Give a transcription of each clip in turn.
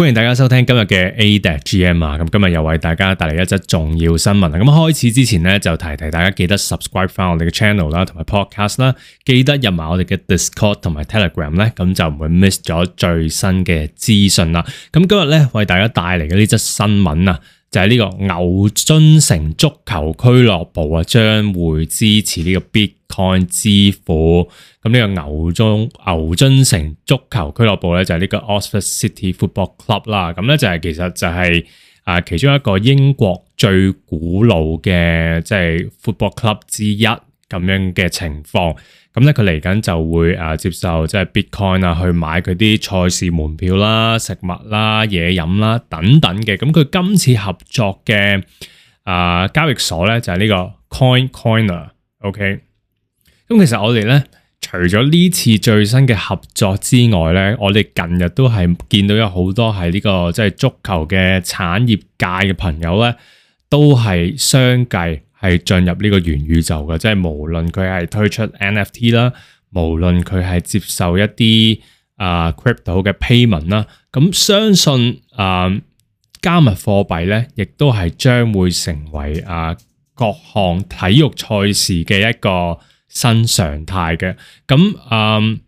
歡迎大家收聽今日嘅 ADAC GM 啊，咁今日又為大家帶嚟一則重要新聞啊！咁開始之前咧，就提提大家記得 subscribe 翻我哋嘅 channel 啦，同埋 podcast 啦、啊，記得入埋我哋嘅 Discord 同埋 Telegram 咧、啊，咁就唔會 miss 咗最新嘅資訊啦。咁今日咧為大家帶嚟嘅呢則新聞啊！就係呢個牛津城足球俱樂部啊，將會支持呢個 Bitcoin 支付。咁呢個牛津牛津城足球俱樂部咧，就係、是、呢個 Oxford City Football Club 啦。咁咧就係、是、其實就係、是、啊，其中一個英國最古老嘅即係、就是、Football Club 之一。咁樣嘅情況，咁咧佢嚟緊就會接受即係 Bitcoin 啊，去買佢啲賽事門票啦、食物啦、嘢飲啦等等嘅。咁佢今次合作嘅、呃、交易所咧就係、是、呢個 CoinCorner，OK、okay?。咁其實我哋咧除咗呢次最新嘅合作之外咧，我哋近日都係見到有好多係呢、這個即係、就是、足球嘅產業界嘅朋友咧，都係相繼係進入呢個元宇宙嘅，即係無論佢係推出 NFT 啦，無論佢係接受一啲啊、呃、crypto 嘅 payment 啦，咁相信啊、呃、加密貨幣咧，亦都係將會成為啊、呃、各項體育賽事嘅一個新常態嘅。咁嗯、呃，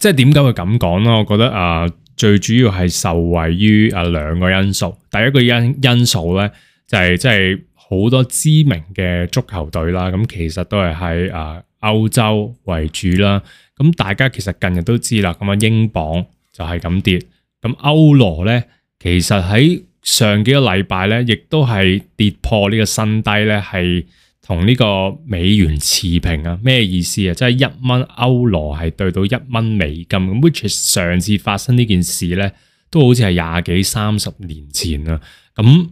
即係點解會咁講咧？我覺得啊、呃，最主要係受惠於啊、呃、兩個因素。第一個因因素咧，就係即係。就是好多知名嘅足球隊啦，咁其實都係喺誒歐洲為主啦。咁大家其實近日都知啦，咁啊英鎊就係咁跌。咁歐羅咧，其實喺上幾個禮拜咧，亦都係跌破呢個新低咧，係同呢個美元持平啊。咩意思啊？即係一蚊歐羅係兌到一蚊美金。咁 which is 上次發生呢件事咧，都好似係廿幾三十年前啊。咁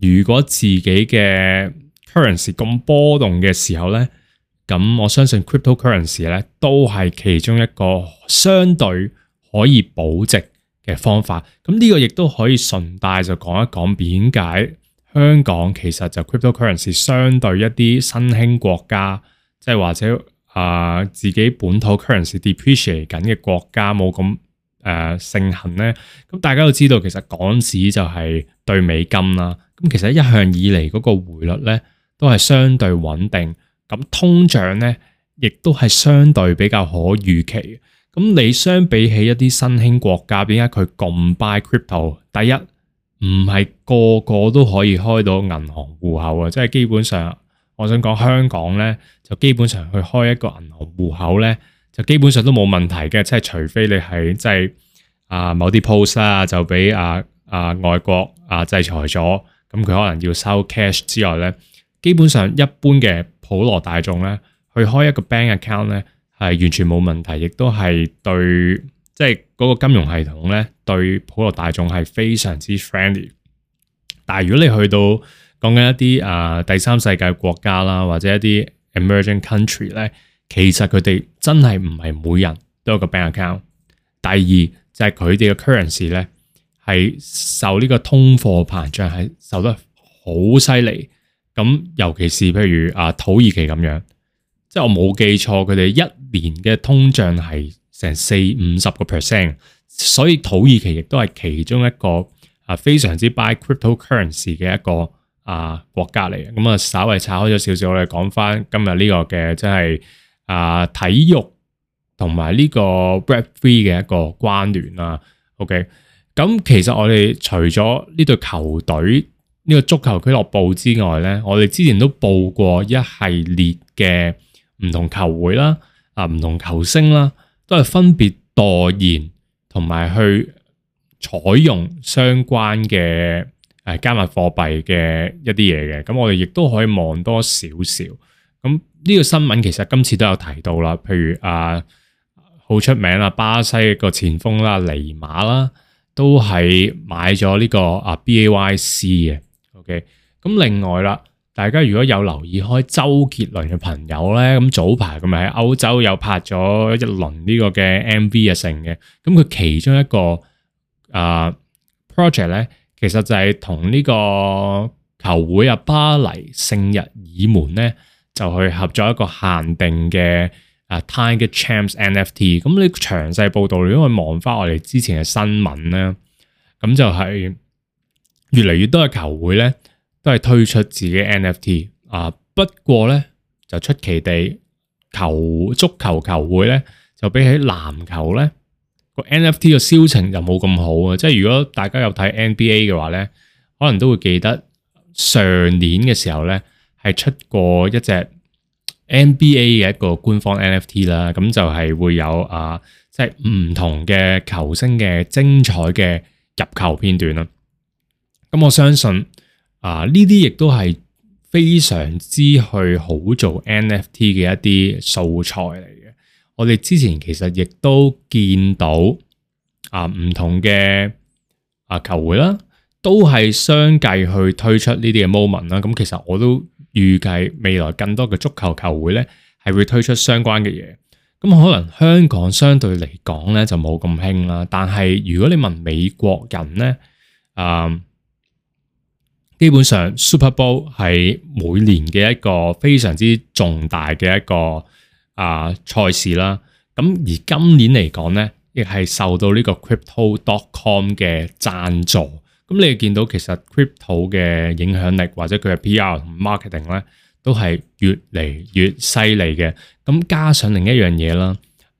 如果自己嘅 currency 咁波動嘅時候咧，咁我相信 cryptocurrency 咧都係其中一個相對可以保值嘅方法。咁呢個亦都可以順帶就講一講。點解香港其實就 cryptocurrency 相對一啲新興國家，即係或者啊自己本土 currency depreciate 緊嘅國家冇咁誒盛行咧，咁大家都知道，其實港紙就係對美金啦。咁其實一向以嚟嗰個匯率咧，都係相對穩定。咁通脹咧，亦都係相對比較可預期。咁你相比起一啲新興國家，點解佢咁 buy crypto？第一，唔係個個都可以開到銀行戶口啊，即係基本上，我想講香港咧，就基本上去開一個銀行戶口咧。就基本上都冇問題嘅，即係除非你係即係啊某啲 post 啦，就俾啊啊外國啊制裁咗，咁佢可能要收 cash 之外咧，基本上一般嘅普羅大眾咧，去開一個 bank account 咧，係完全冇問題，亦都係對即係嗰個金融系統咧，對普羅大眾係非常之 friendly。但係如果你去到講緊一啲啊第三世界國家啦，或者一啲 emerging country 咧。其實佢哋真係唔係每人都有個 bank account。第二就係佢哋嘅 currency 咧，係受呢個通貨膨脹係受得好犀利。咁尤其是譬如啊土耳其咁樣，即係我冇記錯，佢哋一年嘅通脹係成四五十個 percent。所以土耳其亦都係其中一個啊非常之 buy cryptocurrency 嘅一個啊國家嚟。咁啊，稍微炒開咗少少，我哋講返今日呢個嘅即係。啊，體育同埋呢個 Web 3嘅一個關聯啦。OK，咁其實我哋除咗呢對球隊、呢、這個足球俱樂部之外咧，我哋之前都報過一系列嘅唔同球會啦，啊唔同球星啦，都係分別代言同埋去採用相關嘅、呃、加密貨幣嘅一啲嘢嘅。咁我哋亦都可以望多少少咁。呢個新聞其實今次都有提到啦，譬如啊，好出名啊，巴西嘅個前鋒啦，尼馬啦，都係買咗呢個啊 B A Y C 嘅。OK，咁另外啦，大家如果有留意開周杰倫嘅朋友咧，咁早排咁咪喺歐洲又拍咗一輪呢個嘅 M V 啊成嘅，咁佢其中一個啊 project 咧，其實就係同呢個球會啊巴黎聖日耳門咧。就去合作一個限定嘅啊，Tiger Champs NFT。咁呢個詳細報導，如果我望翻我哋之前嘅新聞咧，咁就係越嚟越多嘅球會咧，都係推出自己 NFT 啊。不過咧，就出奇地球足球球會咧，就比起籃球咧，個 NFT 嘅銷情就冇咁好啊。即係如果大家有睇 NBA 嘅話咧，可能都會記得上年嘅時候咧。係出過一隻 NBA 嘅一個官方 NFT 啦，咁就係會有啊，即係唔同嘅球星嘅精彩嘅入球片段啦。咁我相信啊，呢啲亦都係非常之去好做 NFT 嘅一啲素材嚟嘅。我哋之前其實亦都見到啊，唔同嘅啊球會啦，都係相繼去推出呢啲嘅 moment 啦。咁其實我都。預計未來更多嘅足球球會咧，係會推出相關嘅嘢。咁可能香港相對嚟講咧就冇咁興啦。但係如果你問美國人咧，嗯，基本上 Super Bowl 係每年嘅一個非常之重大嘅一個啊賽事啦。咁而今年嚟講咧，亦係受到呢個 Crypto.com 嘅贊助。咁你會見到其實 crypto 嘅影響力，或者佢嘅 P.R. 同 marketing 咧，都係越嚟越犀利嘅。咁加上另一樣嘢啦，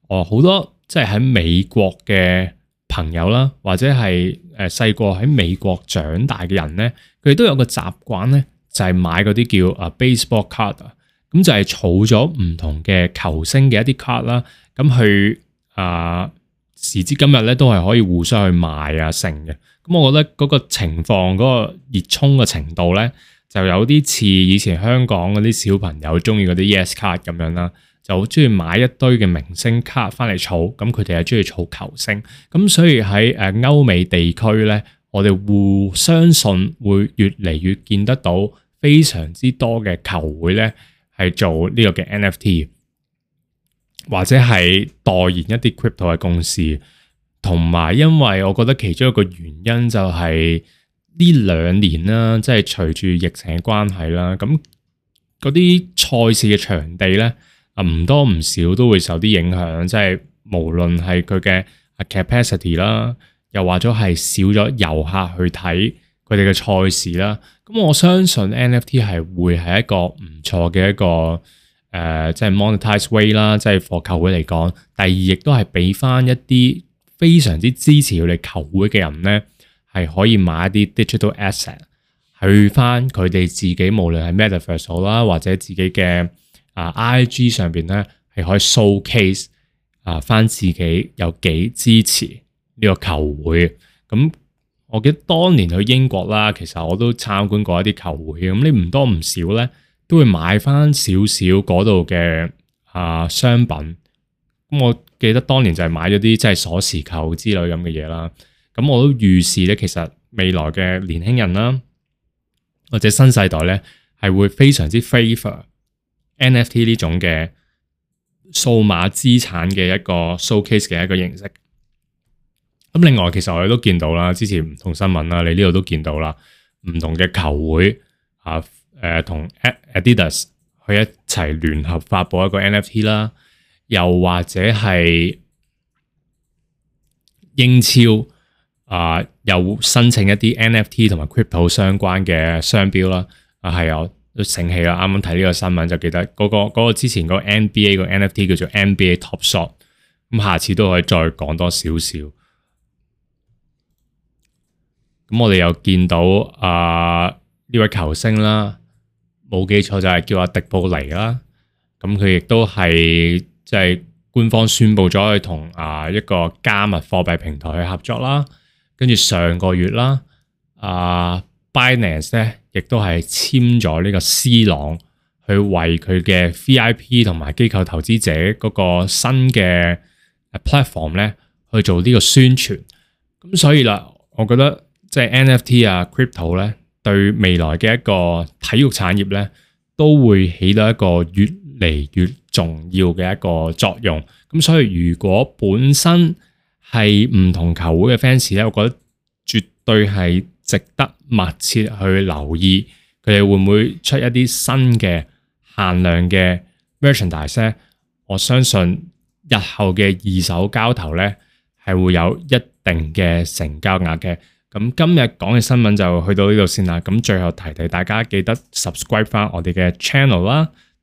哦，好多即係喺美國嘅朋友啦，或者係誒細個喺美國長大嘅人咧，佢哋都有個習慣咧，就係買嗰啲叫啊 baseball card，咁就係儲咗唔同嘅球星嘅一啲 card 啦。咁去啊時至今日咧，都係可以互相去賣啊，成嘅。咁我覺得嗰個情況、嗰、嗰個熱衷嘅程度咧，就有啲似以前香港嗰啲小朋友中意嗰啲 YES 卡咁樣啦，就好中意買一堆嘅明星卡翻嚟儲。咁佢哋係中意儲球星。咁所以喺誒歐美地區咧，我哋互相信會越嚟越見得到非常之多嘅球會咧，係做呢個嘅 NFT，或者係代言一啲 crypto 嘅公司。同埋，因為我覺得其中一個原因就係呢兩年啦，即係隨住疫情嘅關係啦，咁嗰啲賽事嘅場地咧啊，唔多唔少都會受啲影響，即係無論係佢嘅 capacity 啦，又或者係少咗遊客去睇佢哋嘅賽事啦。咁我相信 NFT 係會係一個唔錯嘅一個誒、呃，即係 monetize way 啦，即係貨球會嚟講。第二，亦都係俾翻一啲。非常之支持佢哋球會嘅人咧，係可以買一啲 digital asset 去翻佢哋自己，無論係 MetaVerse 咗啦，或者自己嘅啊 IG 上邊咧，係可以 showcase 啊翻自己有幾支持呢個球會。咁我記得當年去英國啦，其實我都參觀過一啲球會，咁你唔多唔少咧，都會買翻少少嗰度嘅啊商品。咁我記得當年就係買咗啲即係鎖匙扣之類咁嘅嘢啦。咁我都預示咧，其實未來嘅年輕人啦，或者新世代咧，係會非常之 favor NFT 呢種嘅數碼資產嘅一個 showcase 嘅一個形式。咁另外，其實我哋都見到啦，之前唔同新聞啦，你呢度都見到啦，唔同嘅球會啊，誒同 Adidas 去一齊聯合發佈一個 NFT 啦。又或者係英超啊、呃，又申請一啲 NFT 同埋 crypto 相關嘅商標啦。啊，係啊，都醒起啦。啱啱睇呢個新聞就記得嗰、嗰個、嗰個之前個 FT, 個 NBA 個 NFT 叫做 NBA Top Shot。咁下次都可以再講多少少。咁我哋又見到啊呢、呃、位球星啦，冇記錯就係叫阿迪布尼啦。咁佢亦都係。就係官方宣布咗去同啊一個加密貨幣平台去合作啦，跟住上個月啦，啊 Binance 咧亦都係簽咗呢個 C 朗去為佢嘅 VIP 同埋機構投資者嗰個新嘅 platform 咧去做呢個宣傳。咁所以啦，我覺得即係 NFT 啊、crypto 咧，對未來嘅一個體育產業咧，都會起到一個越嚟越重要嘅一個作用，咁所以如果本身係唔同球會嘅 fans 咧，我覺得絕對係值得密切去留意，佢哋會唔會出一啲新嘅限量嘅 merchandise 呢？我相信日後嘅二手交投咧係會有一定嘅成交額嘅。咁今日講嘅新聞就去到呢度先啦。咁最後提提大家，記得 subscribe 翻我哋嘅 channel 啦。